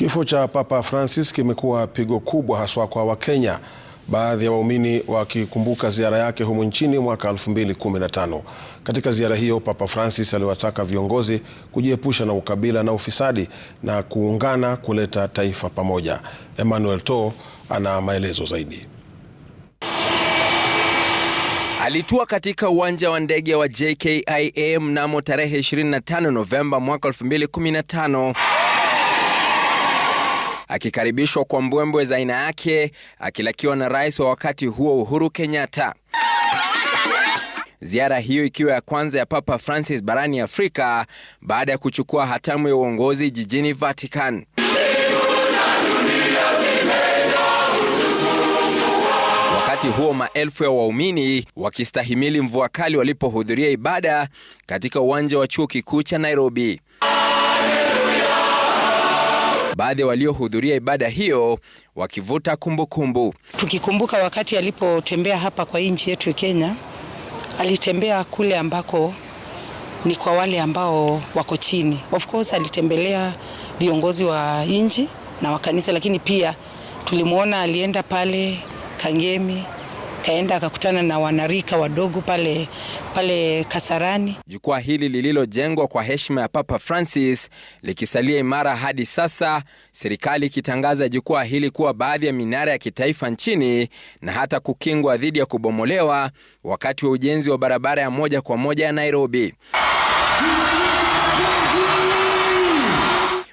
Kifo cha Papa Francis kimekuwa pigo kubwa haswa kwa Wakenya, baadhi ya waumini wakikumbuka ziara yake humo nchini mwaka 2015. Katika ziara hiyo, Papa Francis aliwataka viongozi kujiepusha na ukabila na ufisadi na kuungana kuleta taifa pamoja. Emmanuel To ana maelezo zaidi. Alitua katika uwanja wa ndege wa JKIA mnamo tarehe 25 Novemba mwaka 2015 akikaribishwa kwa mbwembwe za aina yake, akilakiwa na rais wa wakati huo Uhuru Kenyatta. Ziara hiyo ikiwa ya kwanza ya Papa Francis barani Afrika baada ya kuchukua hatamu ya uongozi jijini Vatican. Wakati huo maelfu ya waumini wakistahimili mvua kali walipohudhuria ibada katika uwanja wa chuo kikuu cha Nairobi baadhi ya waliohudhuria ibada hiyo wakivuta kumbukumbu. Tukikumbuka wakati alipotembea hapa kwa nchi yetu Kenya, alitembea kule ambako ni kwa wale ambao wako chini. Of course alitembelea viongozi wa nchi na wa kanisa, lakini pia tulimwona alienda pale Kangemi kaenda akakutana na wanarika wadogo pale, pale Kasarani. Jukwaa hili lililojengwa kwa heshima ya Papa Francis likisalia imara hadi sasa, serikali ikitangaza jukwaa hili kuwa baadhi ya minara ya kitaifa nchini na hata kukingwa dhidi ya kubomolewa wakati wa ujenzi wa barabara ya moja kwa moja ya Nairobi.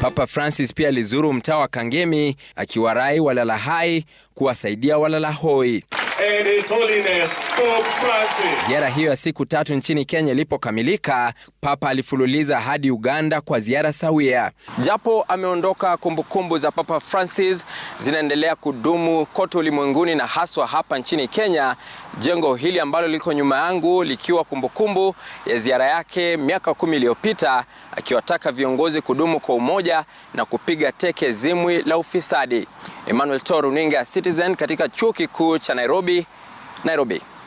Papa Francis pia alizuru mtaa wa Kangemi akiwarai walala hai kuwasaidia walala hoi. Ziara hiyo ya siku tatu nchini Kenya ilipokamilika, Papa alifululiza hadi Uganda kwa ziara sawia. Japo ameondoka, kumbukumbu za Papa Francis zinaendelea kudumu kote ulimwenguni na haswa hapa nchini Kenya, jengo hili ambalo liko nyuma yangu likiwa kumbukumbu ya ziara yake miaka kumi iliyopita, akiwataka viongozi kudumu kwa umoja na kupiga teke zimwi la ufisadi. Emmanuel Toruninga, runinga Citizen katika chuo kikuu cha Nairobi, Nairobi.